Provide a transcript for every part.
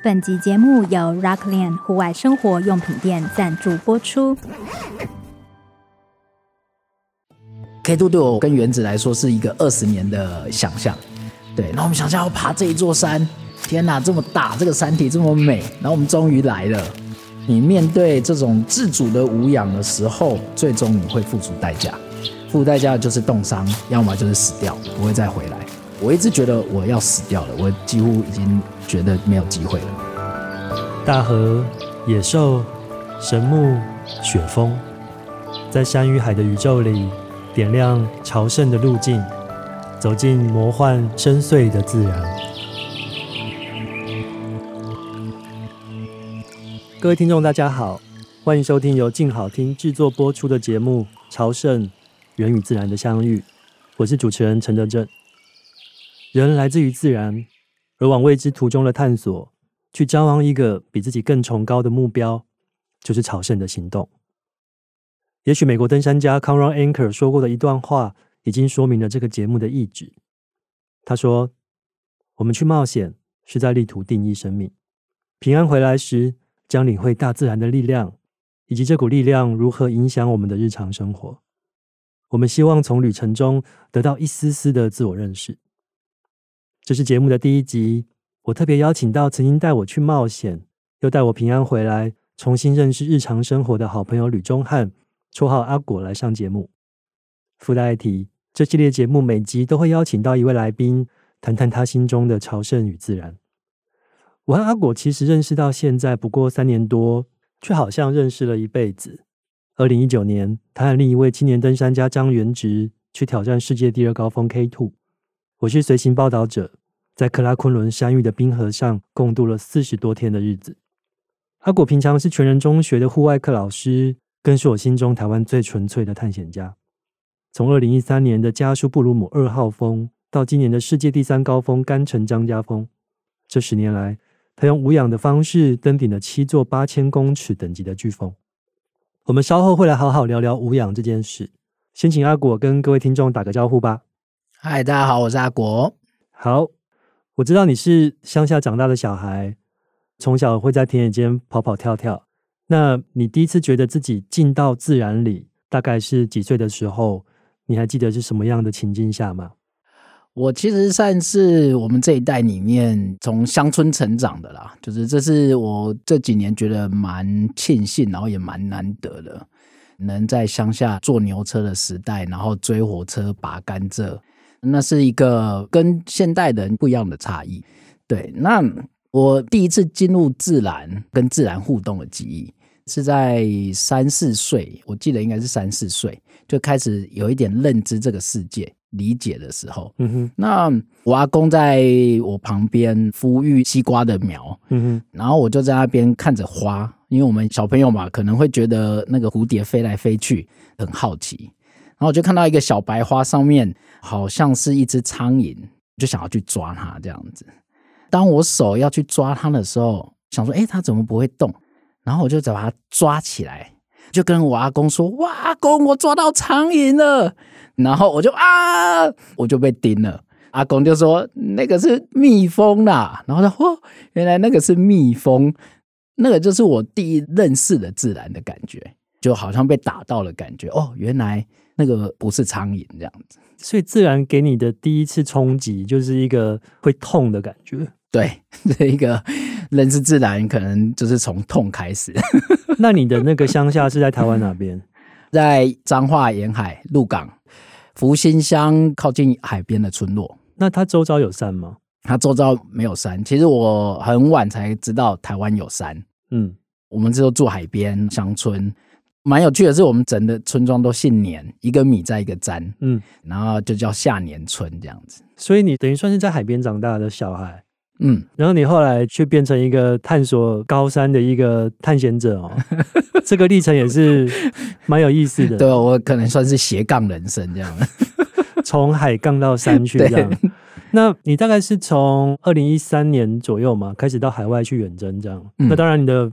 本集節目由 Rockland 戶外生活用品店贊助播出。K2 對我跟原子來說是一個二十年的想象，對。然後我們想象要爬這一座山，天哪、啊，這麼大，這個山體這麼美。然後我們終於來了。你面對這種自主的無氧的時候，最終你會付出代價，付出代價就是凍傷，要麼就是死掉，不會再回來。我一直覺得我要死掉了，我幾乎已經。覺得沒有機會了。大河、野獸、神木、雪峰，在山與海的宇宙裡點亮朝聖的路徑，走進魔幻深邃的自然。各位聽眾，大家好，歡迎收聽由靜好聽製作播出的節目《朝聖：人與自然的相遇》，我是主持人陳德正，正。人來自於自然。而往未知途中的探索，去朝往一個比自己更崇高的目標，就是朝聖的行動。也許美國登山家康拉德·安克說過的一段話，已經說明了這個節目的意志。他說：“我們去冒險，是在力圖定義生命。平安回來時，將領會大自然的力量，以及這股力量如何影響我們的日常生活。我們希望從旅程中得到一絲絲的自我認識。”這是節目的第一集，我特別邀請到曾經帶我去冒險，又帶我平安回來，重新認識日常生活的好朋友呂忠翰，綽號阿果來上節目。附帶一提，這系列節目每集都會邀請到一位來賓，談談他心中的朝聖與自然。我和阿果其實認識到現在不過三年多，卻好像認識了一輩子。二零一九年，他和另一位青年登山家張元植去挑戰世界第二高峰 K2，我是隨行報道者。在喀喇崑崙山域的冰河上共度了四十多天的日子。阿果平常是全人中學的戶外課老師，更是我心中台灣最純粹的探險家。從二零一三年的加舒布魯姆二號峰到今年的世界第三高峰干城章嘉峰，這十年來，他用無氧的方式登頂了七座八千公尺等級的巨峰。我們稍後會來好好聊聊無氧這件事。先請阿果跟各位聽眾打個招呼吧。嗨，大家好，我是阿果。好。我知道你是鄉下長大的小孩，從小會在田野間跑跑跳跳。那你第一次覺得自己進到自然裡，大概是幾歲的時候？你還記得是什麼樣的情境下嗎？我其實算是我們這一代裡面從鄉村成長的啦，就是這是我這幾年覺得蠻慶幸，然後也蠻難得的，能在鄉下坐牛車的時代，然後追火車、拔甘蔗。那是一個跟現代人不一樣的差異，對。那我第一次進入自然跟自然互動的記憶是在三四歲，我記得應該是三四歲就開始有一點認知這個世界、理解的時候。嗯哼。那我阿公在我旁邊孵育西瓜的苗。嗯哼。然後我就在那邊看着花，因為我們小朋友嘛，可能會覺得那個蝴蝶飛來飛去很好奇。然後我就看到一個小白花，上面好像是一隻蒼蠅，就想要去抓它這樣子。當我手要去抓它的時候，想說：“哎，它怎麼不會動？”然後我就在把它抓起來，就跟我阿公說：“哇，阿公，我抓到蒼蠅了！”然後我就啊，我就被叮了。阿公就說：“那個是蜜蜂啦。”然後說：“哦，原來那個是蜜蜂，那個就是我第一認識的自然的感覺，就好像被打到了感覺哦，原來。”那個不是蒼蠅這樣子，所以自然給你的第一次衝擊就是一個會痛的感覺。對，這一個認識自然可能就是從痛開始。 那你的那個鄉下是在台灣哪邊？ 在彰化沿海鹿港、福興鄉靠近海邊的村落。那它周遭有山嗎？它周遭沒有山。其實我很晚才知道台灣有山。嗯，我們只有住海邊鄉村。蠻有趣的，是我們整個村莊都姓粘，一個米再一個占，嗯，然後就叫廈粘村這樣子。所以你等於算是在海邊長大的小孩，嗯，然後你後來卻變成一個探索高山的一個探險者哦， 這個歷程也是蠻有意思的。對，我可能算是斜槓人生這樣，從 海槓到山區這樣。那你大概是從二零一三年左右嘛，開始到海外去遠征這樣。嗯、那當然，你的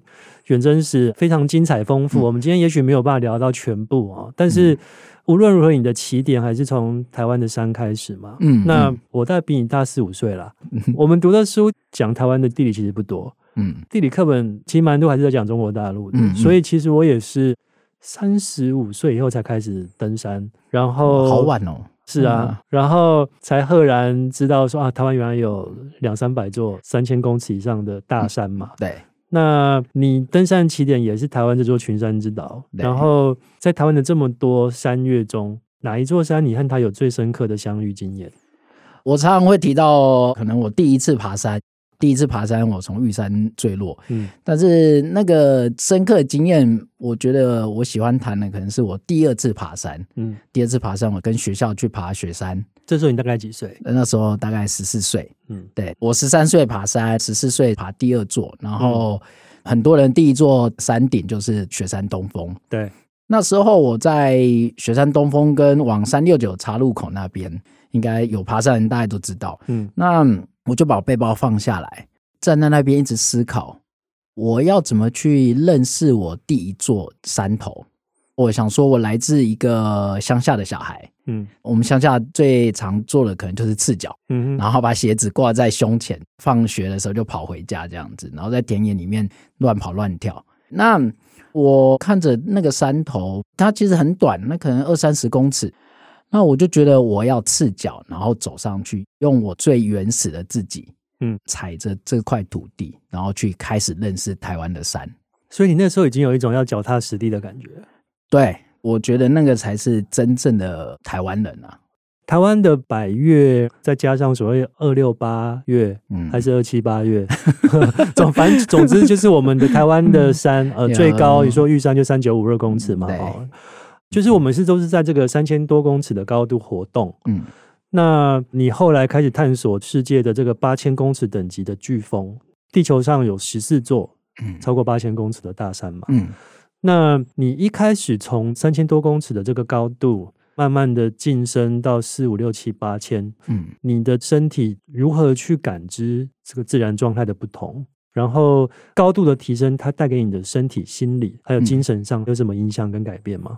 遠征是非常精彩豐富、嗯。我們今天也許沒有辦法聊到全部啊、哦嗯，但是無論如何，你的起點還是從台灣的山開始嘛、嗯。那我大概比你大四五歲啦、嗯。我們讀的書講台灣的地理其實不多，嗯，地理課本其實蠻多還是在講中國大陸的、嗯。所以其實我也是三十五歲以後才開始登山，然後好晚哦。是啊、嗯，然後才赫然知道說啊，台灣原來有兩三百座三千公尺以上的大山嘛、嗯。對，那你登山的起點也是台灣這座群山之島，然後在台灣的這麼多山岳中，哪一座山你和它有最深刻的相遇經驗？我常常會提到，可能我第一次爬山。第一次爬山，我從玉山墜落。嗯，但是那個深刻經驗，我覺得我喜歡談的可能是我第二次爬山。嗯，第二次爬山，我跟學校去爬雪山。這時候你大概幾歲？那時候大概十四歲。嗯，對，我十三歲爬山，十四歲爬第二座。然後很多人第一座山頂就是雪山東峰。嗯，對。對，那時候我在雪山東峰跟往三六九岔路口那邊，應該有爬山人，大家都知道。嗯，那。我就把我背包放下來，站在那邊一直思考，我要怎麼去認識我第一座山頭？我想說，我來自一個鄉下的小孩，嗯，我們鄉下最常做的可能就是赤腳，嗯哼，然後把鞋子掛在胸前，放學的時候就跑回家這樣子，然後在田野裡面亂跑亂跳。那我看着那個山頭，它其實很短，那可能二三十公尺。那我就覺得我要赤腳，然後走上去，用我最原始的自己，嗯，踩着這塊土地，然後去開始認識台灣的山。所以你那時候已經有一種要腳踏實地的感覺。對，我覺得那個才是真正的台灣人啊。台灣的百岳，再加上所謂二六八岳、嗯，還是二七八岳， 總反正總之就是我們的 台灣的山，呃，最高你說玉山就三九五二公尺嘛。嗯對就是我們是都是在這個三千多公尺的高度活動，嗯，那你後來開始探索世界的這個八千公尺等級的巨峰，地球上有十四座，嗯，超過八千公尺的大山嘛，嗯，那你一開始從三千多公尺的這個高度，慢慢的晉升到四五六七八千，嗯，你的身體如何去感知這個自然狀態的不同？然後高度的提升，它帶給你的身體、心理還有精神上有什麼影響跟改變嗎？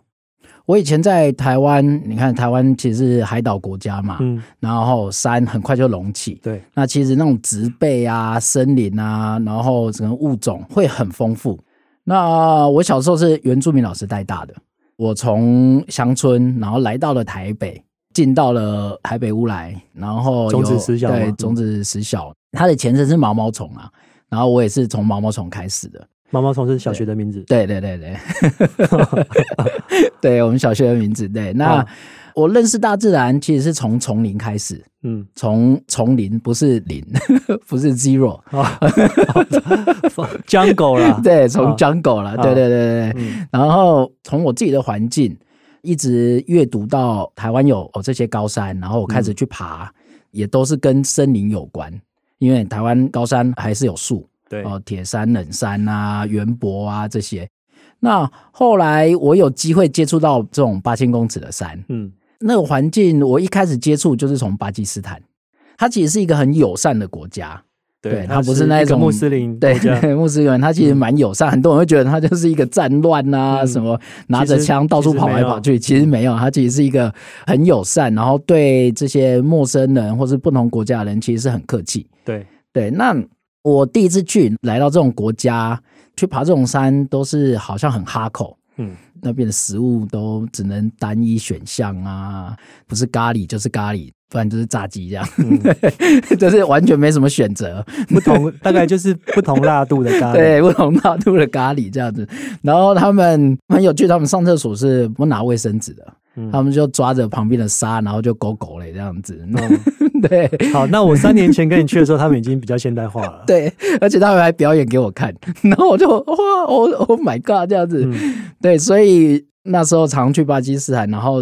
我以前在台灣，你看台灣其實是海島國家嘛，嗯，然後山很快就隆起，對，那其實那種植被啊，森林啊，然後整個物種會很豐富。那我小時候是原住民老師帶大的，我從鄉村然後來到了台北，進到了台北烏來，然後有，種籽實小，種籽實小，對種籽實小，它的前身是毛毛蟲啊，然後我也是從毛毛蟲開始的。毛毛蟲是小學的名字，對對對對， 對，對我們小學的名字。對，那、啊、我認識大自然其實是從叢林開始，嗯，從叢林不是零，不是 zero，啊 ，jungle 啦，對，從 jungle 啦，對對對對。然後從我自己的環境一直閱讀到台灣有哦這些高山，然後我開始去爬，嗯、也都是跟森林有關，因為台灣高山還是有樹。對哦，鐵山、冷山啊、元博啊這些。那後來我有機會接觸到這種八千公尺的山，嗯，那個環境我一開始接觸就是從巴基斯坦。它其實是一個很友善的國家，對，它不是那種是穆斯林，對，那個、穆斯林，它其實蠻友善、嗯。很多人會覺得它就是一個戰亂啊、嗯，什麼拿着槍到處跑來跑去其，其實沒有，它其實是一個很友善，然後對這些陌生人或是不同國家的人其實是很客氣。對對，那。我第一次去，來到這種國家去爬這種山，都是好像很哈口，嗯，那邊的食物都只能單一選項啊，不是咖喱就是咖喱，不然就是炸雞這樣，嗯、 就是完全沒什麼選擇，不同 大概就是不同辣度的咖喱，對，不同辣度的咖喱這樣子。然後他們很有趣，他們上廁所是不拿衛生紙的。他們就抓着旁邊的沙，然後就狗狗嘞，這樣子，嗯、 對。好，那我三年前跟你去的時候， 他們已經比較現代化了。對，而且他們還表演給我看，然後我就哇，我 oh，Oh my God，這樣子、嗯。對，所以那時候常常去巴基斯坦，然後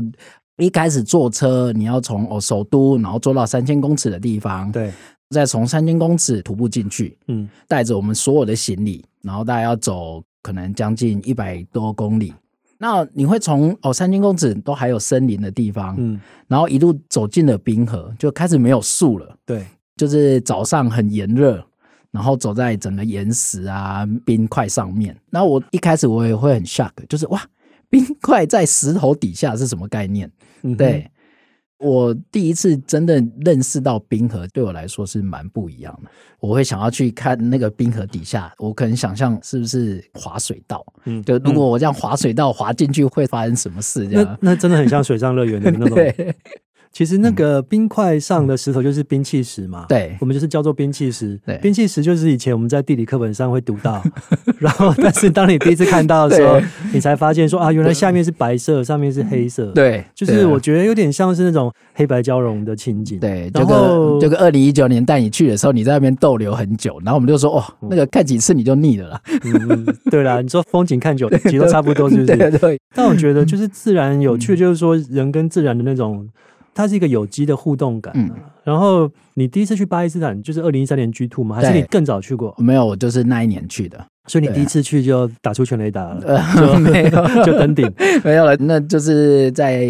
一開始坐車，你要從哦首都，然後坐到三千公尺的地方，對，再從三千公尺徒步進去，嗯，帶着我們所有的行李，然後大概要走可能將近一百多公里。那你會從哦，三千公尺都還有森林的地方，嗯，然後一路走進了冰河，就開始沒有樹了。對，就是早上很炎熱，然後走在整個岩石啊、冰塊上面。那我一開始我也會很 shock，就是哇，冰塊在石頭底下是什麼概念？嗯、對。我第一次真的認識到冰河，對我來說是蠻不一樣的。我會想要去看那個冰河底下，我可能想象是不是滑水道？嗯，就，如果我這樣滑水道滑進去，會發生什麼事？這樣那，那真的很像水上樂園的 對那種。其實那個冰塊上的石頭就是冰磧石嘛、嗯，對，我們就是叫做冰磧石。對，冰磧石就是以前我們在地理課本上會讀到，然後但是當你第一次看到的時候，你才發現說啊，原來下面是白色，上面是黑色，對，就是我覺得有點像是那種黑白交融的情景。對，這個這個二零一九年帶你去的時候，你在那邊逗留很久，然後我們就說哦、嗯，那個看幾次你就膩了啦。嗯，對啦，你說風景看久其實都差不多，是不是對對？對。但我覺得就是自然有趣，嗯、就是說人跟自然的那種。它是一個有機的互動感、啊。嗯、然後你第一次去巴基斯坦，就是二零一三年 G Two 嗎？還是你更早去過？沒有，我就是那一年去的。所以你第一次去就打出全壘打了、啊就呃就，沒有 就登頂，沒有了。那就是在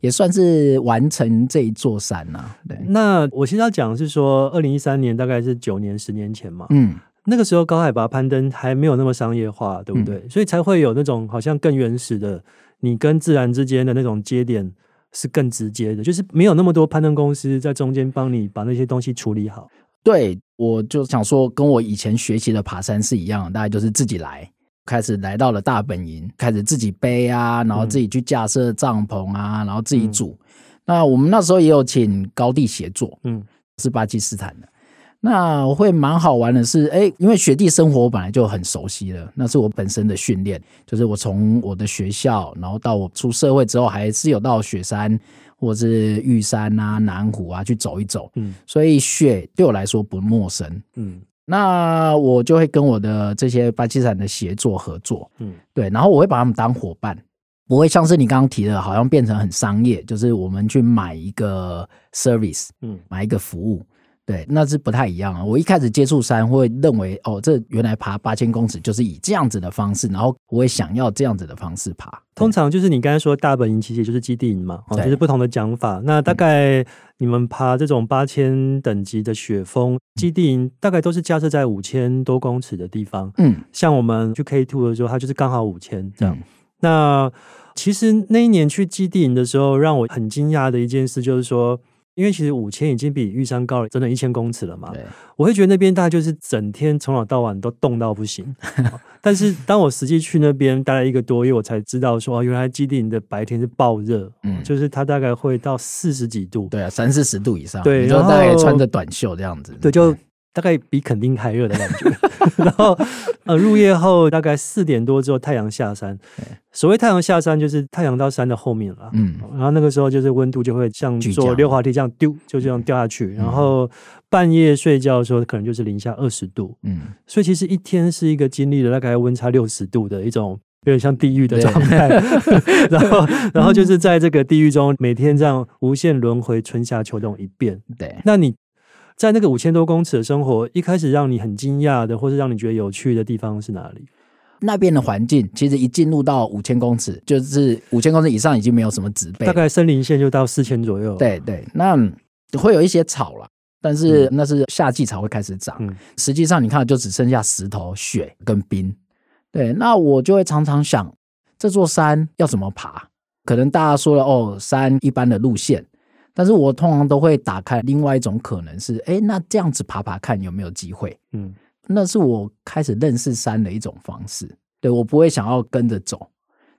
也算是完成這一座山了、啊。對。那我現在要講的是說，二零一三年大概是九年十年前嘛。嗯。那個時候高海拔攀登還沒有那麼商業化，對不對？嗯、所以才會有那種好像更原始的，你跟自然之間的那種接點。是更直接的，就是沒有那麼多攀登公司在中間幫你把那些東西處理好。對，我就想說，跟我以前學習的爬山是一樣的，大概就是自己來，開始來到了大本營，開始自己背啊，然後自己去架設帳篷啊，嗯，然後自己煮。那我們那時候也有請高地協作，嗯，是巴基斯坦的。那我會蠻好玩的是，哎，因為雪地生活我本來就很熟悉了，那是我本身的訓練，就是我從我的學校，然後到我出社會之後，還是有到雪山或者是玉山啊、南湖啊去走一走，嗯，所以雪對我來說不陌生，嗯，那我就會跟我的這些巴基斯坦的協作合作，嗯，對，然後我會把他們當夥伴，不會像是你剛剛提的，好像變成很商業，就是我們去買一個 service，嗯，買一個服務。對，那是不太一樣啊。我一開始接觸山，會認為哦，這原來爬八千公尺就是以這樣子的方式，然後我也想要這樣子的方式爬。通常就是你剛才說的大本營，其實也就是基地營嘛，哦，就是不同的講法。那大概你們爬這種八千等級的雪峰，嗯，基地營大概都是架設在五千多公尺的地方。嗯，像我們去 K Two 的時候，它就是剛好五千這樣，嗯。那其實那一年去基地營的時候，讓我很驚訝的一件事就是說。因為其實五千已經比玉山高了，整整一千公尺了嘛。對，我會覺得那邊大概就是整天從早到晚都凍到不行。 但是當我實際去那邊待了一個多月，我才知道說，哦，原來基地營的白天是爆熱，嗯，就是它大概會到四十幾度。對啊，三四十度以上。對，然後就大概也穿着短袖這樣子。對，就。嗯大概比墾丁還熱的感覺 然後呃，入夜後大概四點多之後太陽下山，所謂太陽下山就是太陽到山的後面了，嗯，然後那個時候就是溫度就會像坐溜滑梯這樣丟就這樣掉下去，然後半夜睡覺的時候可能就是零下二十度，嗯，所以其實一天是一個經歷了大概溫差六十度的一種有點像地獄的狀態， 然後然後就是在這個地獄中每天這樣無限輪回春夏秋冬一遍，對，那你。在那個五千多公尺的生活，一開始讓你很驚訝的，或是讓你覺得有趣的地方是哪裡？那邊的環境其實一進入到五千公尺，就是五千公尺以上已經沒有什麼植被，大概森林線就到四千左右。對對，那會有一些草啦，但是那是夏季才會開始長。嗯，實際上你看，就只剩下石頭、雪跟冰。對，那我就會常常想，這座山要怎麼爬？可能大家說了，哦，山一般的路線。但是我通常都會打開另外一種可能是，誒、欸。那這樣子爬爬看有沒有機會。嗯，那是我開始認識山的一種方式。對，我不會想要跟着走，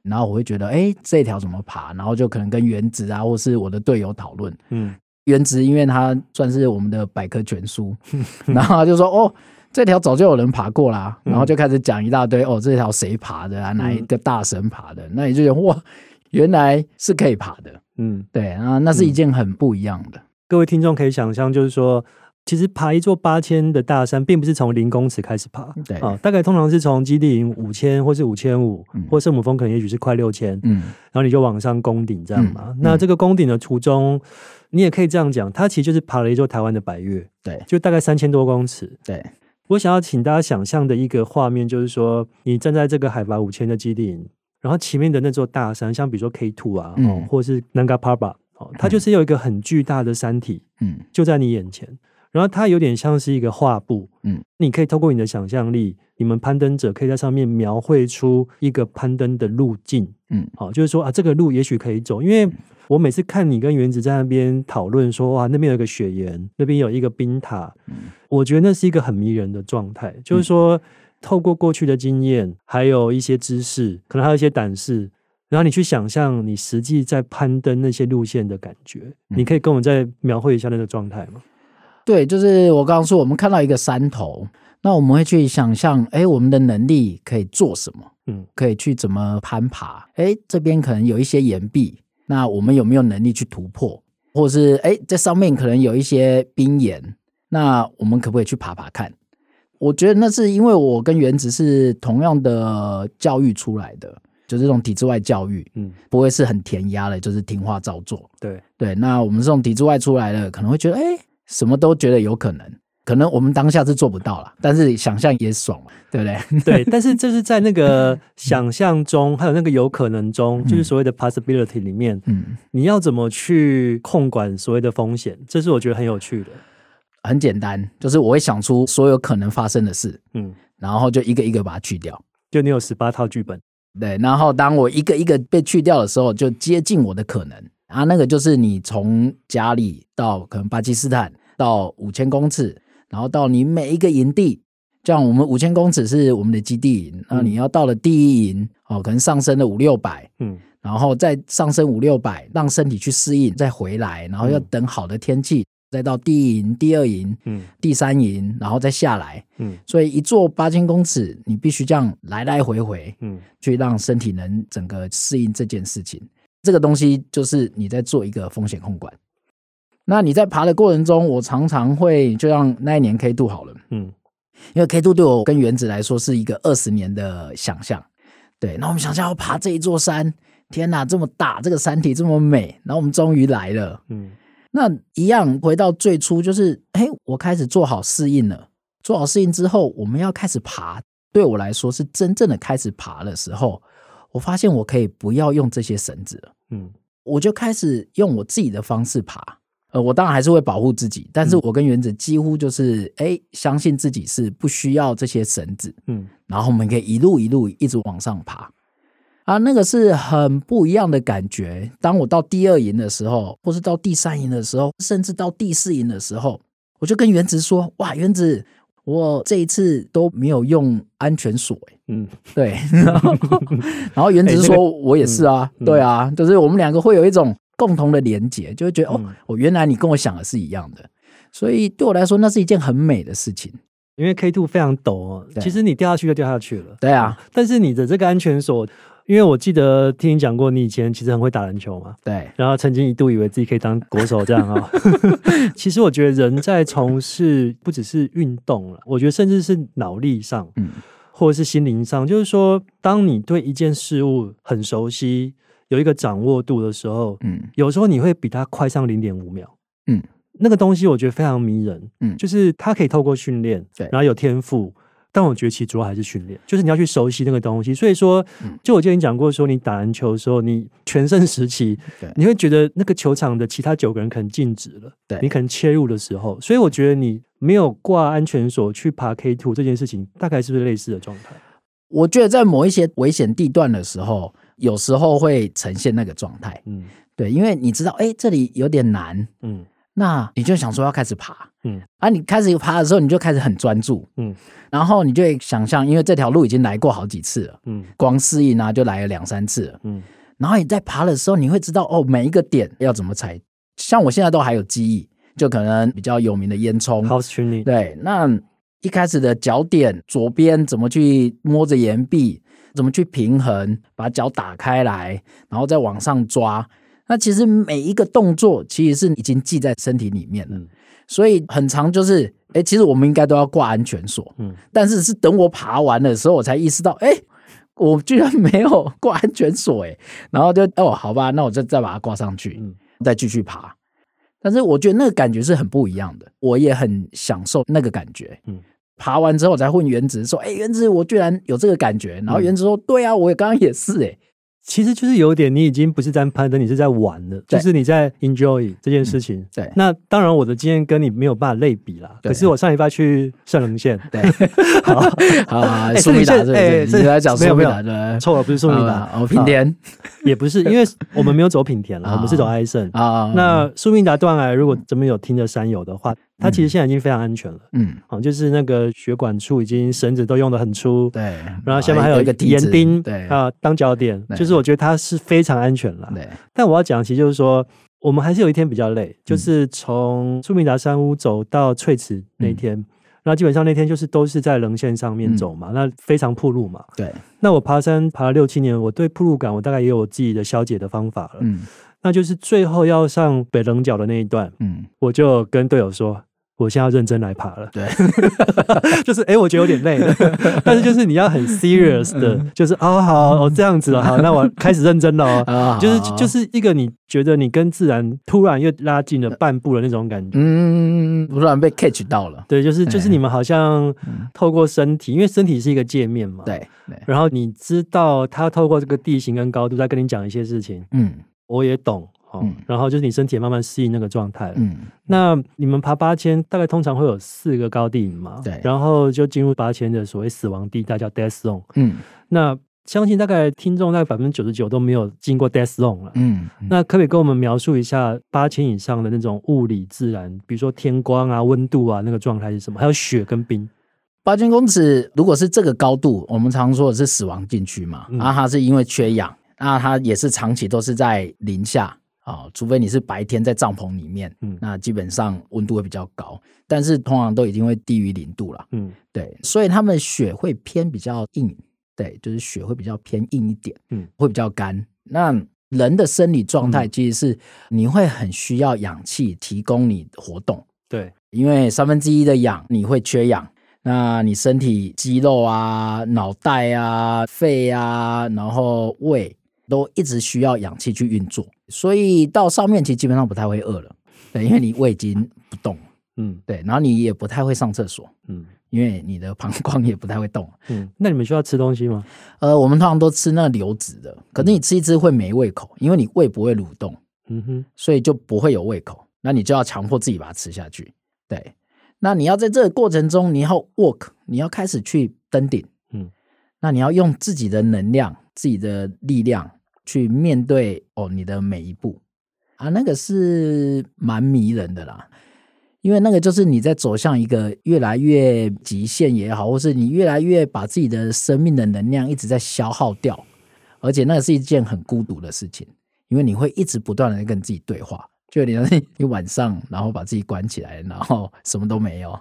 然後我會覺得，誒、欸，這條怎麼爬？然後就可能跟原子啊，或是我的隊友討論、嗯。原子因為他算是我們的百科全書， 然後就說，哦，這條早就有人爬過了、啊，然後就開始講一大堆，哦，這條誰爬的啊？哪一個大神爬的？嗯、那你就覺得哇。原來是可以爬的，嗯，對啊，那是一件很不一樣的。嗯嗯、各位聽眾可以想象，就是說，其實爬一座八千的大山，並不是從零公尺開始爬，對啊，大概通常是從基地營五千或是五千五，或聖母峰可能也許是快六千，嗯，然後你就往上攻頂這樣嘛。嗯、那這個攻頂的途中、嗯，你也可以這樣講，它其實就是爬了一座台灣的百岳。對，就大概三千多公尺。對，我想要請大家想象的一個畫面，就是說，你站在這個海拔五千的基地營。然後前面的那座大山，像比如說 K Two 啊，嗯哦、或者是 Nanga Parbat 哦，它就是有一個很巨大的山體，嗯，就在你眼前。然後它有點像是一個畫布，嗯，你可以透過你的想象力，你們攀登者可以在上面描繪出一個攀登的路徑，嗯，好、哦，就是說啊，這個路也許可以走。因為我每次看你跟原子在那邊討論說，哇，那邊有個雪岩，那邊有一個冰塔，嗯，我覺得那是一個很迷人的狀態，就是說。嗯透過過去的經驗，還有一些知識，可能還有一些膽識，然後你去想象你實際在攀登那些路線的感覺，嗯、你可以跟我們再描繪一下那個狀態嗎？對，就是我剛剛說，我們看到一個山頭，那我們會去想象，哎，我們的能力可以做什麼？嗯，可以去怎麼攀爬？哎，這邊可能有一些岩壁，那我們有沒有能力去突破？或是哎，這上面可能有一些冰岩，那我們可不可以去爬爬看？我覺得那是因為我跟原子是同樣的教育出來的，就是、這種體制外教育，嗯，不會是很填鴨的，就是聽話照做。對、嗯、對，那我們這種體制外出來的，可能會覺得，哎、欸，什麼都覺得有可能，可能我們當下是做不到了，但是想象也爽，對不對？對，但是就是在那個想象中， 還有那個有可能中，就是所謂的 possibility 裡面，嗯，嗯，你要怎麼去控管所謂的風險？這是我覺得很有趣的。很簡單，就是我會想出所有可能發生的事，嗯，然後就一個一個把它去掉。就你有十八套劇本，對。然後當我一個一個被去掉的時候，就接近我的可能啊。那個就是你從家裡到可能巴基斯坦到五千公尺，然後到你每一個營地。像我們五千公尺是我們的基地營，那，嗯，你要到了第一營哦，可能上升了五六百，嗯，然後再上升五六百，讓身體去適應，再回來，然後要等好的天氣。嗯。再到第一營、第二營、第三營，嗯、然後再下來，嗯、所以一座八千公尺，你必須這樣來來回回、嗯，去讓身體能整個適應這件事情。這個東西就是你在做一個風險控管。那你在爬的過程中，我常常會就像那一年 K2 好了，嗯、因為 K2 對我跟元植來說是一個二十年的想象，對。那我們想象要爬這一座山，天哪，這麼大，這個山體這麼美，然後我們終於來了，嗯那一樣回到最初，就是哎、欸，我開始做好適應了。做好適應之後，我們要開始爬。對我來說是真正的開始爬的時候，我發現我可以不要用這些繩子了。嗯，我就開始用我自己的方式爬。呃，我當然還是會保護自己，但是我跟原子幾乎就是哎、欸，相信自己是不需要這些繩子。嗯，然後我們可以一路一路一直往上爬。啊，那個是很不一樣的感覺。當我到第二營的時候，或是到第三營的時候，甚至到第四營的時候，我就跟原子說：“哇，原子，我這一次都沒有用安全鎖、欸。”嗯，對。然後， 然後原子說：“我也是啊，欸那個嗯、對啊。”就是我們兩個會有一種共同的連接，就會覺得、嗯、哦，原來你跟我想的是一樣的。所以對我來說，那是一件很美的事情。因為 K two 非常陡、啊，其實你掉下去就掉下去了。對啊，但是你的這個安全鎖。因為我記得聽你講過，你以前其實很會打籃球嘛。對。然後曾經一度以為自己可以當國手這樣啊、喔。 其實我覺得人在從事不只是運動了，我覺得甚至是腦力上，嗯，或者是心靈上，就是說，當你對一件事物很熟悉，有一個掌握度的時候，嗯，有時候你會比他快上零點五秒，嗯，那個東西我覺得非常迷人，嗯，就是他可以透過訓練，對，然後有天賦。但我覺得，其實主要還是訓練，就是你要去熟悉那個東西。所以說，嗯、就我之前講過，說你打籃球的時候，你全盛時期對，你會覺得那個球場的其他九個人可能靜止了，對你可能切入的時候。所以我覺得，你沒有掛安全鎖去爬 K2 這件事情，大概是不是類似的狀態？我覺得在某一些危險地段的時候，有時候會呈現那個狀態。嗯，對，因為你知道，哎、欸，這裡有點難。嗯。那你就想說要開始爬，嗯，啊，你開始爬的時候你就開始很專注，嗯，然後你就會想象，因為這條路已經來過好幾次了，嗯，光適應啊就來了兩三次，嗯，然後你在爬的時候你會知道，哦，每一個點要怎麼踩，像我現在都還有記憶，就可能比較有名的煙囪，好，對，那一開始的腳點左邊怎麼去摸着岩壁，怎麼去平衡，把腳打開來，然後再往上抓。那其實每一個動作其實是已經記在身體裡面了，嗯、所以很常就是，哎、欸，其實我們應該都要掛安全鎖，嗯，但是是等我爬完了的時候，我才意識到，哎、欸，我居然沒有掛安全鎖，然後就哦，好吧，那我就再把它掛上去，嗯，再繼續爬。但是我覺得那個感覺是很不一樣的，我也很享受那個感覺。嗯，爬完之後我才問原子說，哎、欸，原子，我居然有這個感覺，然後原子說，嗯、對啊，我剛剛也是，哎。其實就是有點，你已經不是在攀登，你是在玩了，就是你在 enjoy 這件事情。嗯、對，那當然我的經驗跟你沒有辦法類比啦。可是我上禮拜去聖稜線。對，對，好， 好啊。素密達，這、欸欸欸、你來講素密達，對，錯了，不是素密達，哦、啊啊，品田，也不是，因為我們沒有走品田了， 我們是走 Y 聖啊。那素密達斷崖，如果這邊有聽着山友的話。它其實現在已經非常安全了，嗯，好、哦，就是那個血管處已經繩子都用得很粗，對，然後下面還有一個岩釘、啊，對啊，當腳點，就是我覺得它是非常安全了。對，但我要講，其實就是說，我們還是有一天比較累，就是從素密達山屋走到翠池那天，那基本上那天就是都是在稜線上面走嘛，那非常暴露嘛，對，那我爬山爬了六七年，我對暴露感我大概也有自己的消解的方法了，嗯。那就是最後要上北稜角的那一段，嗯，我就跟隊友說，我現在要認真來爬了。對， 就是哎、欸，我覺得有點累的， 但是就是你要很 serious 的，嗯、就是、嗯、哦，好，我、哦、這樣子了，好，那我開始認真了。哦、嗯、就是就是一個你覺得你跟自然突然又拉近了半步的那種感覺，嗯，突然被 catch 到了。對，就是就是你們好像透過身體，嗯、因為身體是一個界面嘛，對，對，然後你知道他透過這個地形跟高度在跟你講一些事情，嗯。我也懂、哦、嗯，然後就是你身體慢慢適應那個狀態嗯，嗯，那你們爬八千，大概通常會有四個高地營嘛？對，然後就進入八千的所謂死亡地帶，叫 Death Zone。嗯，那相信大概聽眾大概百分之九十九都沒有經過 Death Zone 了嗯。嗯，那可不可以跟我們描述一下八千以上的那種物理自然，比如說天光啊、溫度啊那個狀態是什麼？還有雪跟冰。八千公尺，如果是這個高度，我們常說的是死亡禁區嘛？啊、嗯，然後它是因為缺氧。那它也是長期都是在零下啊、哦，除非你是白天在帳篷裡面，嗯，那基本上溫度會比較高，但是通常都已經會低於零度了，嗯，對，所以他們血會偏比較硬，對，就是血會比較偏硬一點，嗯，會比較乾。那人的生理狀態其實是你會很需要氧氣提供你活動，對、嗯，因為三分之一的氧你會缺氧，那你身體肌肉啊、腦袋啊、肺啊，然後胃。都一直需要氧氣去運作，所以到上面其實基本上不太會餓了，對，因為你胃已經不動，嗯，對，然後你也不太會上廁所，嗯，因為你的膀胱也不太會動，嗯。那你們需要吃東西嗎？呃，我們通常都吃那流質的，可是你吃一吃會沒胃口，因為你胃不會蠕動，嗯哼，所以就不會有胃口，那你就要強迫自己把它吃下去，對。那你要在這個過程中，你要 walk，你要開始去登頂，嗯，那你要用自己的能量、自己的力量。去面對哦，你的每一步啊，那個是蠻迷人的啦，因為那個就是你在走向一個越來越極限也好，或是你越來越把自己的生命的能量一直在消耗掉，而且那個是一件很孤獨的事情，因為你會一直不斷的跟自己對話。就你，一晚上然後把自己關起來，然後什麼都沒有。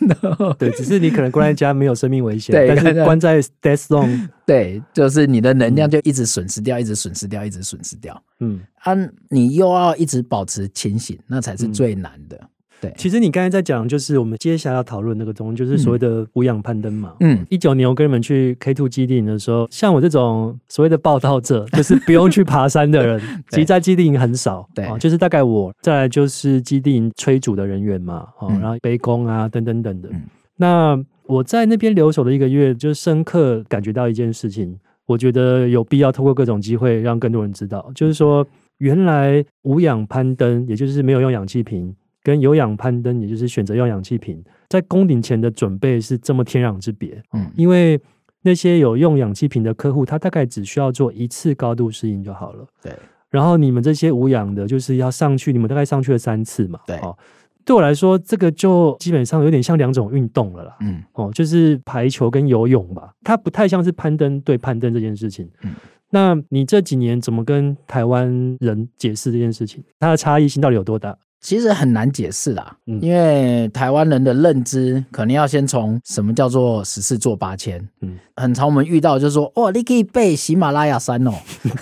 No, 對，只是你可能關在家沒有生命危險， 但是關在 death zone， 對，就是你的能量就一直損失掉，嗯，一直損失掉，一直損失掉。嗯，啊，你又要一直保持清醒，那才是最難的。嗯對，其實你剛才在講，就是我們接下來要討論那個東西，就是所謂的無氧攀登嘛。嗯，一、嗯、九年我跟你們去 K Two 基地營的時候，像我這種所謂的報道者，就是不用去爬山的人， 其實在基地營很少。對、啊、就是大概我，再來就是基地營炊煮的人員嘛，哦、啊嗯，然後背工啊，等等等,等的、嗯。那我在那邊留守的一個月，就深刻感覺到一件事情，我覺得有必要通過各種機會讓更多人知道、嗯，就是說，原來無氧攀登，也就是沒有用氧氣瓶。跟有氧攀登，也就是選擇用氧氣瓶，在攻頂前的準備是這麼天壤之別，嗯，因為那些有用氧氣瓶的客戶，他大概只需要做一次高度適應就好了，對。然後你們這些無氧的，就是要上去，你們大概上去了三次嘛，對。哦，對我來說，這個就基本上有點像兩種運動了啦，嗯，哦，就是排球跟游泳吧，它不太像是攀登，對攀登這件事情，嗯。那你這幾年怎麼跟台灣人解釋這件事情？它的差異性到底有多大？其實很難解釋啦，嗯，因為台灣人的認知可能要先從什麼叫做十四座八千，嗯，很常我們遇到就是說，哦，你可以背喜馬拉雅山哦，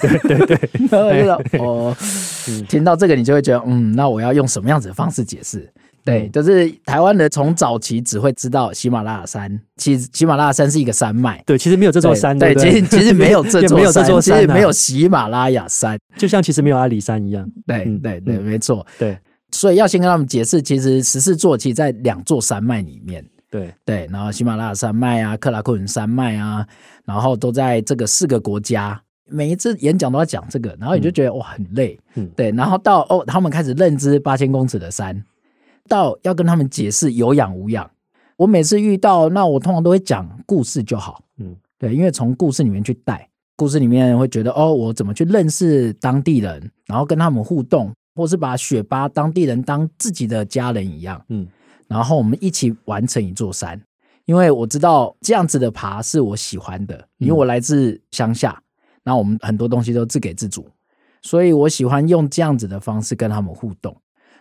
對對對，對 然後就說哦，嗯，聽到這個你就會覺得，嗯，那我要用什麼樣子的方式解釋？對，嗯，就是台灣人從早期只會知道喜馬拉雅山，其實喜馬拉雅山是一個山脈，對，對，對，對，對，對，其，其實沒有這座山，對，其實其實沒有這沒有這座山，其實沒有喜馬拉雅山，就像其實沒有阿里山一樣，對對對，沒錯，對。對，嗯所以要先跟他們解釋，其實十四座其實在兩座山脈裡面。對對，然後喜馬拉雅山脈啊，喀喇崑崙山脈啊，然後都在這個四個國家。每一次演講都要講這個，然後你就覺得、嗯、哇很累、嗯。對。然後到哦，他們開始認知八千公尺的山，到要跟他們解釋有氧無氧。我每次遇到，那我通常都會講故事就好。嗯、對，因為從故事裡面去帶，故事裡面會覺得哦，我怎麼去認識當地人，然後跟他們互動。或是把雪巴當地人當自己的家人一樣，嗯，然後我們一起完成一座山，因為我知道這樣子的爬是我喜歡的，因為我來自鄉下，嗯，那我們很多東西都自給自足，所以我喜歡用這樣子的方式跟他們互動。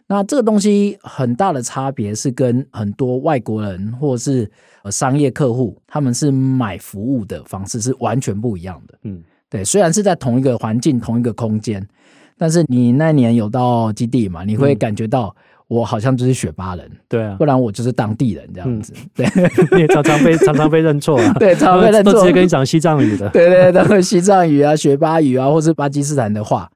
那這個東西很大的差別是跟很多外國人或是商業客戶，他們是買服務的方式是完全不一樣的，嗯，對，雖然是在同一個環境、同一個空間。但是你那年有到基地嘛？你會感覺到我好像就是雪巴人，對、嗯、啊，不然我就是當地人這樣子。嗯、對， 你也常常被常常被認錯啊。對，常常被認錯。都直接跟你講西藏語的，對對，對，對西藏語啊、 雪巴語啊，或是巴基斯坦的話。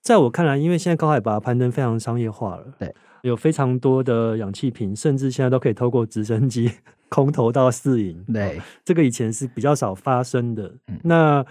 在我看來，因為現在高海拔攀登非常商業化了，對，有非常多的氧氣瓶，甚至現在都可以透過直升機空投到四營。對、呃，這個以前是比較少發生的。嗯、那。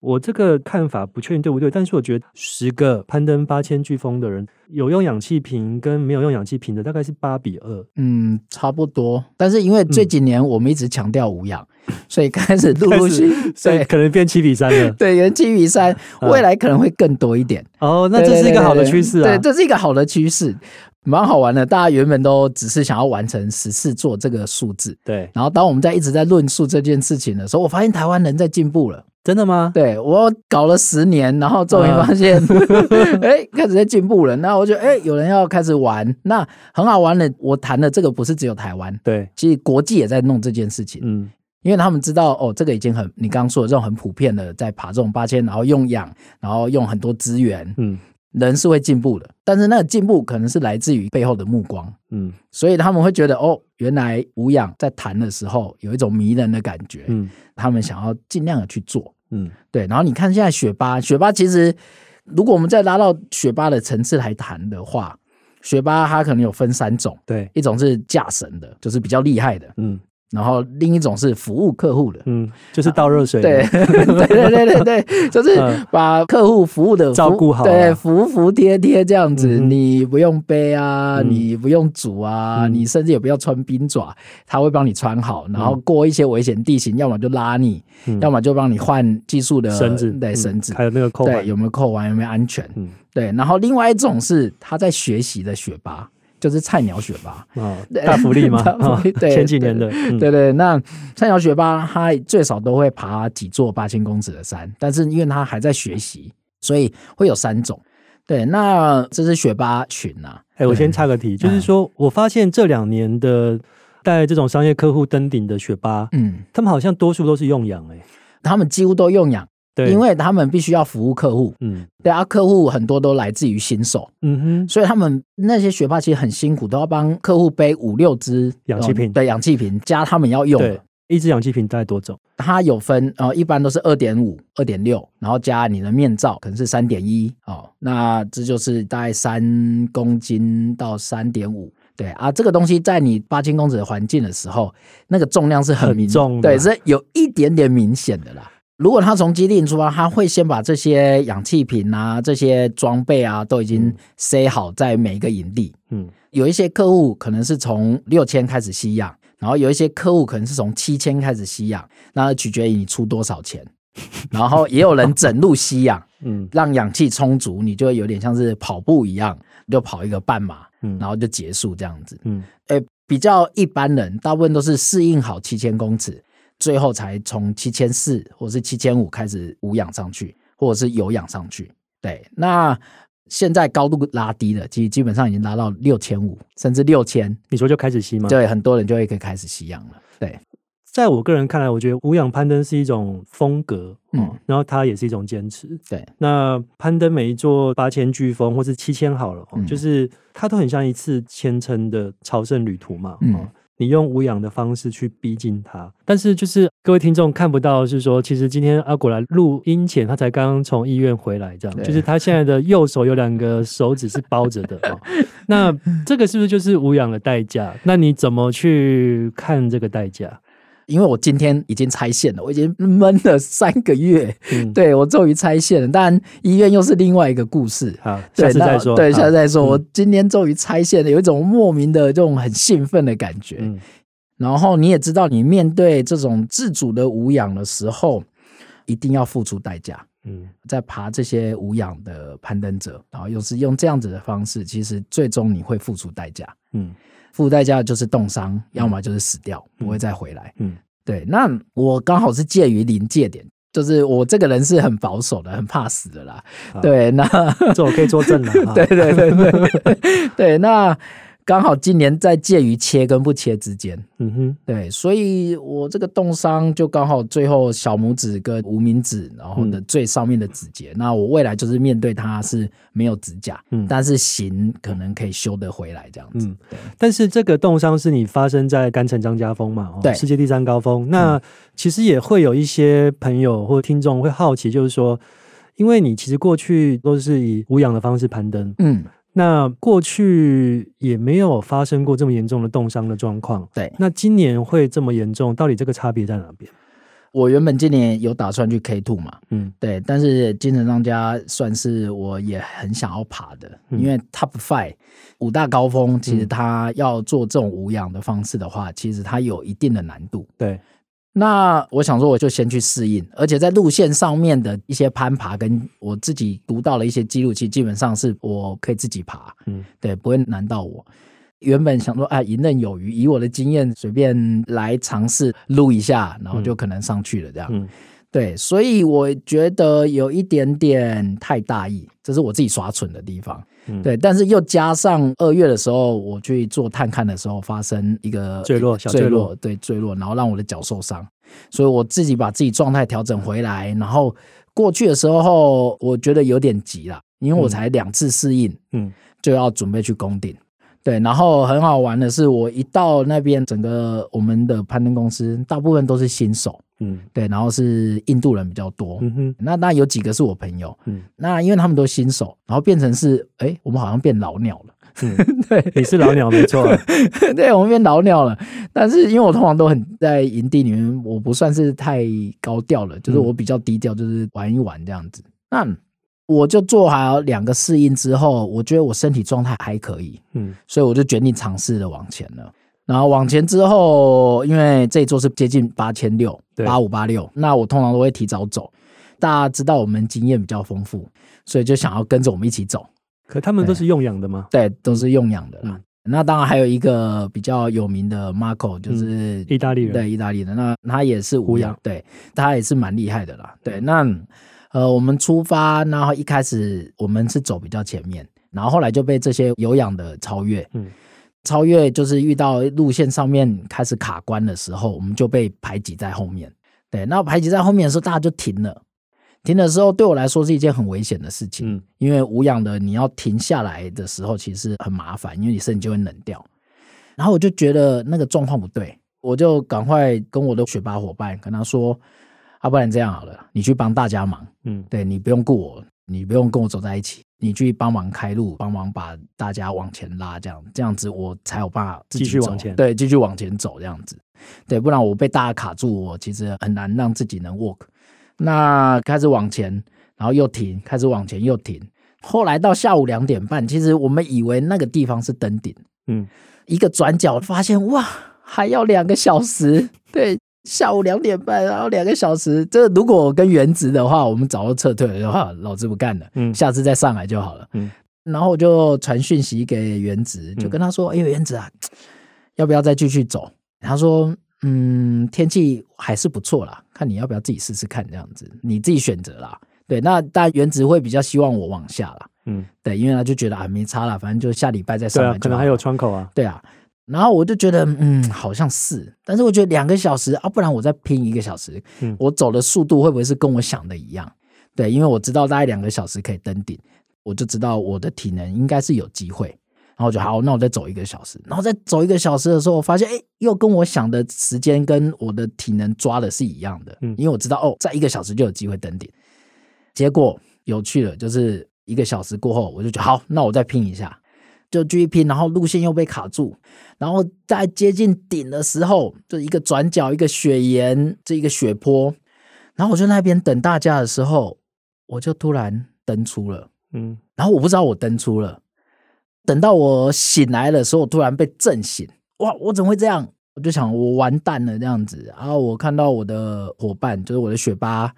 我這個看法不確定對不對？但是我覺得十個攀登八千巨峰的人，有用氧氣瓶跟沒有用氧氣瓶的大概是八比二，嗯，差不多。但是因為這幾年我們一直強調無氧、嗯，所以開始陸陸續對，所以可能變七比三了。對，變七比三、啊，未來可能會更多一點。哦，那這是一個好的趨勢啊對對對對！對，這是一個好的趨勢，蠻好玩的。大家原本都只是想要完成十四座這個數字，對。然後當我們在一直在論述這件事情的時候，我發現台灣人在進步了。真的嗎？對，我搞了十年，然後終於發現，uh, 哎，開始在進步了。那我覺得，哎，有人要開始玩，那很好玩的。我談的這個不是只有台灣，對，其實國際也在弄這件事情，嗯，因為他們知道，哦，這個已經很，你剛剛說的這種很普遍的，在爬這種八千，然後用氧，然後用很多資源，嗯。人是會進步的，但是那個進步可能是來自於背後的目光，嗯，所以他們會覺得哦，原來無氧在彈的時候有一種迷人的感覺，嗯，他們想要儘量的去做，嗯，對。然後你看現在雪巴，雪巴其實如果我們再拉到雪巴的層次來談的話，雪巴他可能有分三種，對，一種是架繩的，就是比較厲害的，嗯。然後另一種是服務客戶的，嗯，就是倒熱水的、呃，對，對，對，對，對，就是把客戶服務的服照顧好，對，服服帖帖，帖這樣子、嗯。你不用背啊，嗯、你不用煮啊、嗯，你甚至也不要穿冰爪，他會幫你穿好。嗯、然後過一些危險地形，要麼就拉你，嗯、要麼就幫你換技術的繩子，對、嗯，繩子還有那個扣對，有沒有扣完有沒有安全、嗯？對。然後另外一種是他在學習的雪巴。就是菜鳥雪巴，哦，大福利嘛，對、 哦、前幾年的。對對，對，嗯、對，對對。那菜鳥雪巴，他最少都會爬幾座八千公尺的山，但是因為他還在學習，所以會有三種。對，那這是雪巴群呢，啊、誒、欸，我先插個題，嗯，就是說我發現這兩年的帶這種商業客戶登頂的雪巴，嗯，他們好像多數都是用氧誒、欸，他們幾乎都用氧。因為他們必須要服務客戶，嗯，對啊，客戶很多都來自於新手，嗯哼，所以他們那些學霸其實很辛苦，都要幫客戶背五六隻氧氣瓶、嗯，對，氧氣瓶加他們要用的一隻氧氣瓶大概多重？它有分，呃、一般都是二點五、二點六，然後加你的面罩可能是三點一哦，那這就是大概三公斤到三點五，對啊，這個東西在你八千公尺的環境的時候，那個重量是很明很重，對，是有一點點明顯的啦。如果他從基地出發，他會先把這些氧氣瓶啊、這些裝備啊都已經塞好在每一個營地。嗯，有一些客戶可能是從六千開始吸氧，然後有一些客戶可能是從七千開始吸氧，那取決於你出多少錢。 然後也有人整路吸氧，嗯， 讓氧氣充足，你就會有點像是跑步一樣，就跑一個半馬，嗯，然後就結束這樣子。嗯，欸，比較一般人，大部分都是適應好七千公尺。最後才從七千四或是七千五開始無氧上去，或者是有氧上去。對，那現在高度拉低了，基基本上已經拉到六千五，甚至六千，你說就開始吸嗎？對，很多人就會可以開始吸氧了。對，在我個人看來，我覺得無氧攀登是一種風格，嗯，哦、然後它也是一種堅持。對，那攀登每一座八千巨峰，或是七千好了，嗯、就是它都很像一次虔誠的朝聖旅途嘛，嗯。哦你用無氧的方式去逼近他，但是就是各位聽眾看不到，是說其實今天阿果來錄音前，他才剛剛從醫院回來，這樣，就是他現在的右手有兩個手指是包着的、 哦，那這個是不是就是無氧的代價？那你怎麼去看這個代價？因為我今天已經拆線了，我已經悶了三個月，嗯、對我終於拆線了。但醫院又是另外一個故事，好，對，下次再說。對，下次再說。我今天終於拆線了、嗯，有一種莫名的這種很興奮的感覺、嗯。然後你也知道，你面對這種自主的無氧的時候，一定要付出代價。嗯，在爬這些無氧的攀登者，然後又是用這樣子的方式，其實最終你會付出代價。嗯。付代價就是凍傷，要麼就是死掉，不、嗯、會再回來。嗯，嗯對，那我剛好是介於臨界點，就是我這個人是很保守的，很怕死的啦。啊、對，那這我可以作證了、 啊。對對對對 對，那。剛好今年在介於切跟不切之間，嗯哼，對，對，所以我這個凍傷就剛好最後小拇指跟無名指，然後呢，最上面的指節，嗯，那我未來就是面對它是沒有指甲，嗯，但是形可能可以修得回來這樣子，嗯。但是這個凍傷是你發生在干城章嘉峰嘛？對，世界第三高峰，嗯。那其實也會有一些朋友或聽眾會好奇，就是說，因為你其實過去都是以無氧的方式攀登，嗯。那過去也沒有發生過這麼嚴重的凍傷的狀況，對。那今年會這麼嚴重，到底這個差別在哪邊？我原本今年有打算去 K2 嘛，嗯，對。但是乾城章嘉算是我也很想要爬的，嗯、因為 Top Five 五大高峰，其實他要做這種無氧的方式的話、嗯，其實他有一定的難度，對。那我想說，我就先去適應，而且在路線上面的一些攀爬，跟我自己讀到了一些紀錄，基本上是我可以自己爬，嗯，對，不會難到我。原本想說，哎，游刃有餘，以我的經驗，隨便來嘗試錄一下，然後就可能上去了這樣。嗯嗯對，所以我覺得有一點點太大意，這是我自己耍蠢的地方。嗯、對，但是又加上二月的時候，我去做探勘的時候發生一個墜落，小墜落，對，墜落，然後讓我的腳受傷，所以我自己把自己狀態調整回來。嗯、然後過去的時候，我覺得有點急了，因為我才兩次適應，嗯，嗯就要準備去攻頂。對，然後很好玩的是，我一到那邊，整個我們的攀登公司大部分都是新手，嗯，對，然後是印度人比較多，嗯哼，那那有幾個是我朋友，嗯，那因為他們都新手，然後變成是，哎，我們好像變老鳥了，嗯，對，你是老鳥 沒錯啊， 對，我們變老鳥了，但是因為我通常都很在營地裡面，我不算是太高調了，就是我比較低調，就是玩一玩這樣子，嗯，那。我就做好兩個適應之後，我覺得我身體狀態還可以，嗯，所以我就決定嘗試着往前了。然後往前之後，因為這一座是接近八千六，八五八六，那我通常都會提早走。大家知道我們經驗比較豐富，所以就想要跟着我們一起走。可他們都是用氧的嗎對？對，都是用氧的啦、嗯。那當然還有一個比較有名的 Marco，就是、嗯、意大利人，對，意大利人，那他也是無氧，對他也是蠻厲害的啦。對，那。呃，我們出發，然後一開始我們是走比較前面，然後後來就被這些有氧的超越，嗯，超越就是遇到路線上面開始卡關的時候，我們就被排擠在後面，對，那排擠在後面的時候，大家就停了，停的時候對我來說是一件很危險的事情，嗯，因為無氧的你要停下來的時候，其實很麻煩，因為你身體就會冷掉，然後我就覺得那個狀況不對，我就趕快跟我的雪巴夥伴跟他說。啊，不然這樣好了，你去幫大家忙，嗯，對，你不用顧我，你不用跟我走在一起，你去幫忙開路，幫忙把大家往前拉，這樣這樣子我才有辦法繼續往前，對，繼續往前走這樣子，對，不然我被大家卡住，我其實很難讓自己能 walk。那開始往前，然後又停，開始往前又停，後來到下午兩點半，其實我們以為那個地方是登頂，嗯，一個轉角發現哇，還要兩個小時，對。下午兩點半，然後兩個小時。這如果跟元植的話，我們早就撤退的話，老子不幹了，嗯。下次再上來就好了。嗯，然後我就傳訊息給元植，就跟他說：“嗯，哎呦，元植啊，要不要再繼續走？”他說：“嗯，天氣還是不錯啦。看你要不要自己試試看，這樣子你自己選擇啦。”對，那當然元植會比較希望我往下了。嗯，對，因為他就覺得啊，沒差了，反正就下禮拜再上來。對啊，可能還有窗口啊。對啊。然後我就覺得，嗯，好像是，但是我覺得兩個小時啊，不然我再拼一個小時，嗯，我走的速度會不會是跟我想的一樣？對，因為我知道大概兩個小時可以登頂，我就知道我的體能應該是有機會。然後我就好，那我再走一個小時，然後再走一個小時的時候，我發現，哎，又跟我想的時間跟我的體能抓的是一樣的，嗯，因為我知道哦，再一個小時就有機會登頂。結果有趣了就是，一個小時過後，我就覺得好，那我再拼一下。就 g p 然後路線又被卡住，然後在接近頂的時候，就一個轉角，一個雪岩，這一個雪坡，然後我在那邊等大家的時候，我就突然登出了，嗯，然後我不知道我登出了，等到我醒來的時候，我突然被震醒，哇，我怎麼會這樣？我就想我完蛋了這樣子，然後我看到我的夥伴，就是我的雪巴，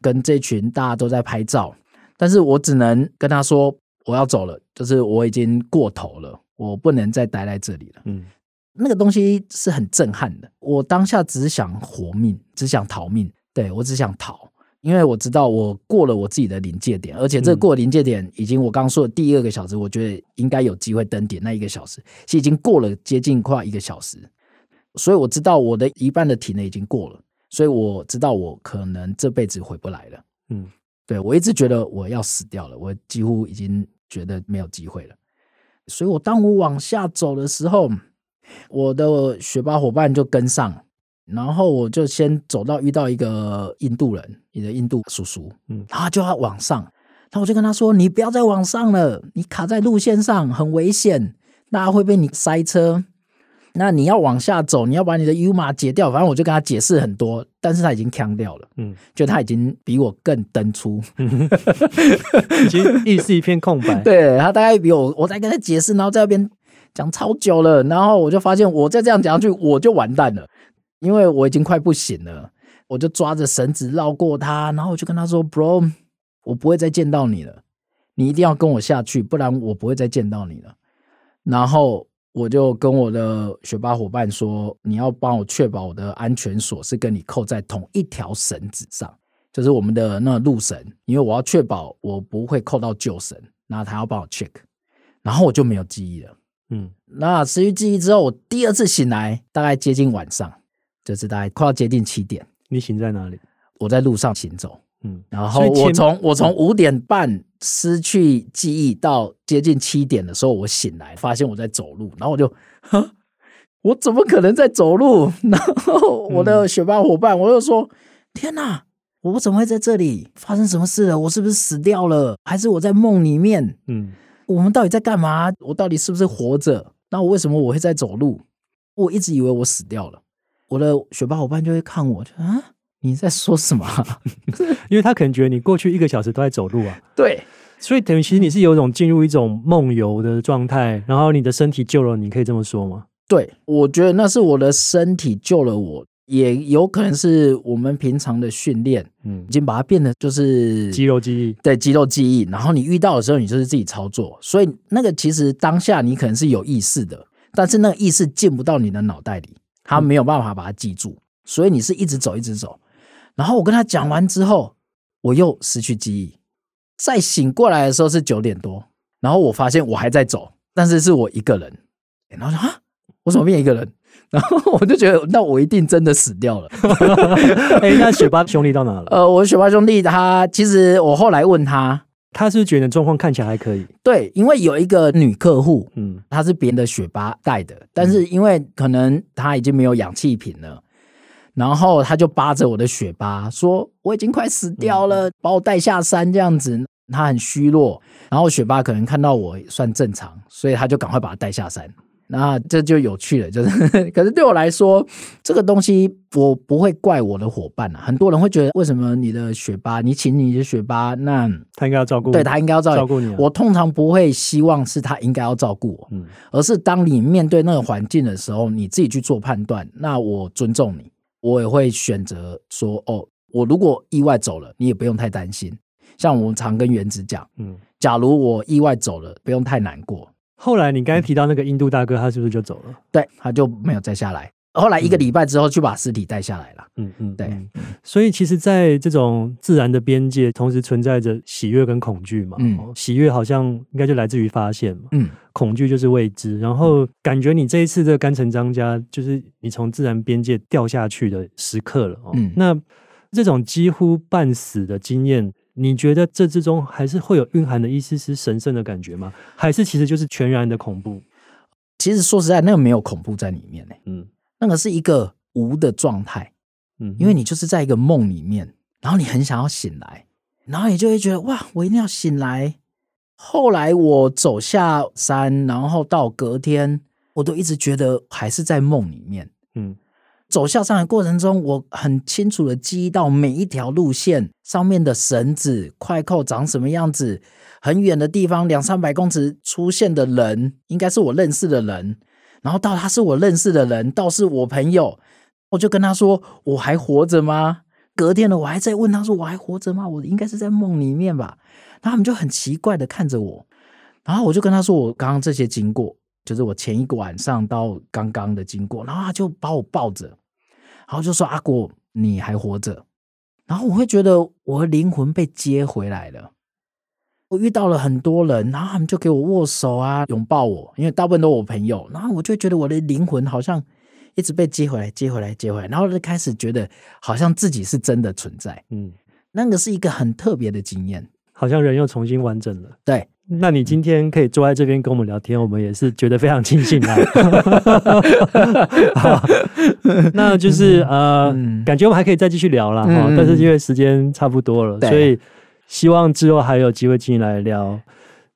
跟這群大家都在拍照，但是我只能跟他說。我要走了，就是我已經過頭了，我不能再待在這裡了。嗯，那個東西是很震撼的。我當下只想活命，只想逃命，對，我只想逃，因為我知道我過了我自己的臨界點，而且這過了臨界點、嗯、已經我剛剛說的第二個小時，我覺得應該有機會登頂那一個小時，其實已經過了接近快一個小時，所以我知道我的一半的體能已經過了，所以我知道我可能這輩子回不來了。嗯，對，我一直覺得我要死掉了，我幾乎已經。覺得沒有機會了，所以我當我往下走的時候，我的學霸夥伴就跟上，然後我就先走到遇到一個印度人，一個印度叔叔，嗯，他就要往上，然後我就跟他說：“你不要再往上了，你卡在路線上很危險，大家會被你塞車。”那你要往下走，你要把你的 U 碼解掉。反正我就跟他解釋很多，但是他已經嗆掉了。嗯，就他已經比我更登出，已 經意識一片空白。對他大概比我，我在跟他解釋，然後在那邊講超久了，然後我就發現，我再這樣講下去，我就完蛋了，因為我已經快不行了。我就抓着繩子繞過他，然後我就跟他說：“Bro，我不會再見到你了，你一定要跟我下去，不然我不會再見到你了。”然後。我就跟我的學霸夥伴說，你要幫我確保我的安全鎖是跟你扣在同一條繩子上，就是我們的那個路繩，因為我要確保我不會扣到舊繩。那他要幫我 check，然後我就沒有記憶了。嗯，那失去記憶之後，我第二次醒來大概接近晚上，就是大概快要接近七點。你醒在哪裡？我在路上行走。嗯，然後我從我從五點半失去記憶到接近七點的時候，我醒來發現我在走路，然後我就，哼，我怎麼可能在走路？然後我的雪巴夥伴我就，我又說：天哪，我怎麼會在這裡？發生什麼事了？我是不是死掉了？還是我在夢裡面？嗯，我們到底在幹嘛？我到底是不是活着？那我為什麼我會在走路？我一直以為我死掉了。我的雪巴夥伴就會看我，就啊。你在說什麼啊？ 因為他可能覺得你過去一個小時都在走路啊。 對，所以等於其實你是有一種進入一種夢遊的狀態，嗯，然後你的身體救了你，可以這麼說嗎？對，我覺得那是我的身體救了我，也有可能是我們平常的訓練，嗯，已經把它變得就是肌肉記憶。對，肌肉記憶。然後你遇到的時候，你就是自己操作。所以那個其實當下你可能是有意識的，但是那個意識進不到你的腦袋裡，它沒有辦法把它記住，嗯，所以你是一直走，一直走。然後我跟他講完之後，我又失去記憶。再醒過來的時候是九點多，然後我發現我還在走，但是是我一個人。然後說啊，我怎麼變一個人？然後我就覺得，那我一定真的死掉了。哎、 欸，那雪巴兄弟到哪了？呃，我的雪巴兄弟他其實我後來問他，他是不是覺得狀況看起來還可以？對，因為有一個女客戶，嗯，他是別人的雪巴帶的，但是因為可能他已經沒有氧氣瓶了。然後他就扒着我的雪巴說：“我已經快死掉了，把我帶下山這樣子。”他很虛弱。然後雪巴可能看到我算正常，所以他就趕快把他帶下山。那這就有趣了，就是。可是對我來說，這個東西我不會怪我的伙伴啊。很多人會覺得，為什麼你的雪巴，你請你的雪巴，那他應該要照顧你。對，他應該要照顧你。我通常不會希望是他應該要照顧我，而是當你面對那個環境的時候，你自己去做判斷。那我尊重你。我也會選擇說，哦，我如果意外走了，你也不用太擔心。像我們常跟原子講，嗯，假如我意外走了，不用太難過。後來你剛才提到那個印度大哥，嗯、他是不是就走了？對，他就沒有再下來。嗯後來一個禮拜之後，就把屍體帶下來了。嗯嗯，對。所以其實，在這種自然的邊界，同時存在着喜悅跟恐懼嘛。嗯、哦，喜悅好像應該就來自於發現嘛。嗯，恐懼就是未知。然後感覺你這一次的干城章嘉，就是你從自然邊界掉下去的時刻了，哦。嗯，那這種幾乎半死的經驗，你覺得這之中還是會有蘊含的一絲絲神聖的感覺嗎？還是其實就是全然的恐怖？其實說實在，那個沒有恐怖在裡面、欸、嗯。那個是一個無的狀態，嗯，因為你就是在一個夢裡面，然後你很想要醒來，然後你就會覺得哇，我一定要醒來。後來我走下山，然後到隔天，我都一直覺得還是在夢裡面。嗯，走下山的過程中，我很清楚的記憶到每一條路線上面的繩子、快扣長什麼樣子，很遠的地方兩三百公尺出現的人，應該是我認識的人。然後到他是我認識的人，倒是我朋友，我就跟他說，我還活着嗎？隔天了，我還在問他說，我還活着嗎？我應該是在夢裡面吧？然後他們就很奇怪的看着我，然後我就跟他說我剛剛這些經過，就是我前一個晚上到剛剛的經過，然後他就把我抱着，然後就說，阿果你還活着？然後我會覺得我的靈魂被接回來了。我遇到了很多人，然後他們就給我握手啊，擁抱我，因為大部分都是我朋友，然後我就覺得我的靈魂好像一直被接回來，接回來，接回來，然後就開始覺得好像自己是真的存在。嗯，那個是一個很特別的經驗，好像人又重新完整了。對，那你今天可以坐在這邊跟我們聊天，嗯、我們也是覺得非常慶幸、啊、 那就是、嗯、呃、嗯，感覺我們還可以再繼續聊了哈、嗯，但是因為時間差不多了，嗯、所以。希望之後還有機會進來聊。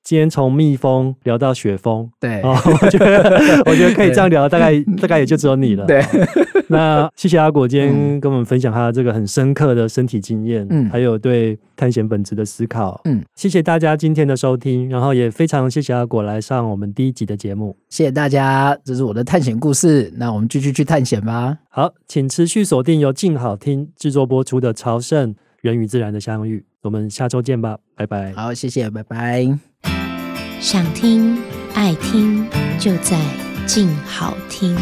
今天從蜜蜂聊到雪峰，對，我覺得我覺得可以這樣聊。大概大概也就只有你了。對，那謝謝阿果，今天跟我們分享他這個很深刻的身體經驗，嗯，還有對探險本質的思考，嗯，謝謝大家今天的收聽，然後也非常謝謝阿果來上我們第一集的節目。謝謝大家，這是我的探險故事。那我們繼續去探險吧。好，請持續鎖定由靜好聽制作播出的《朝聖》。人與自然的相遇，我們下周見吧，拜拜。好，謝謝，拜拜。想聽愛聽，就在靜好聽。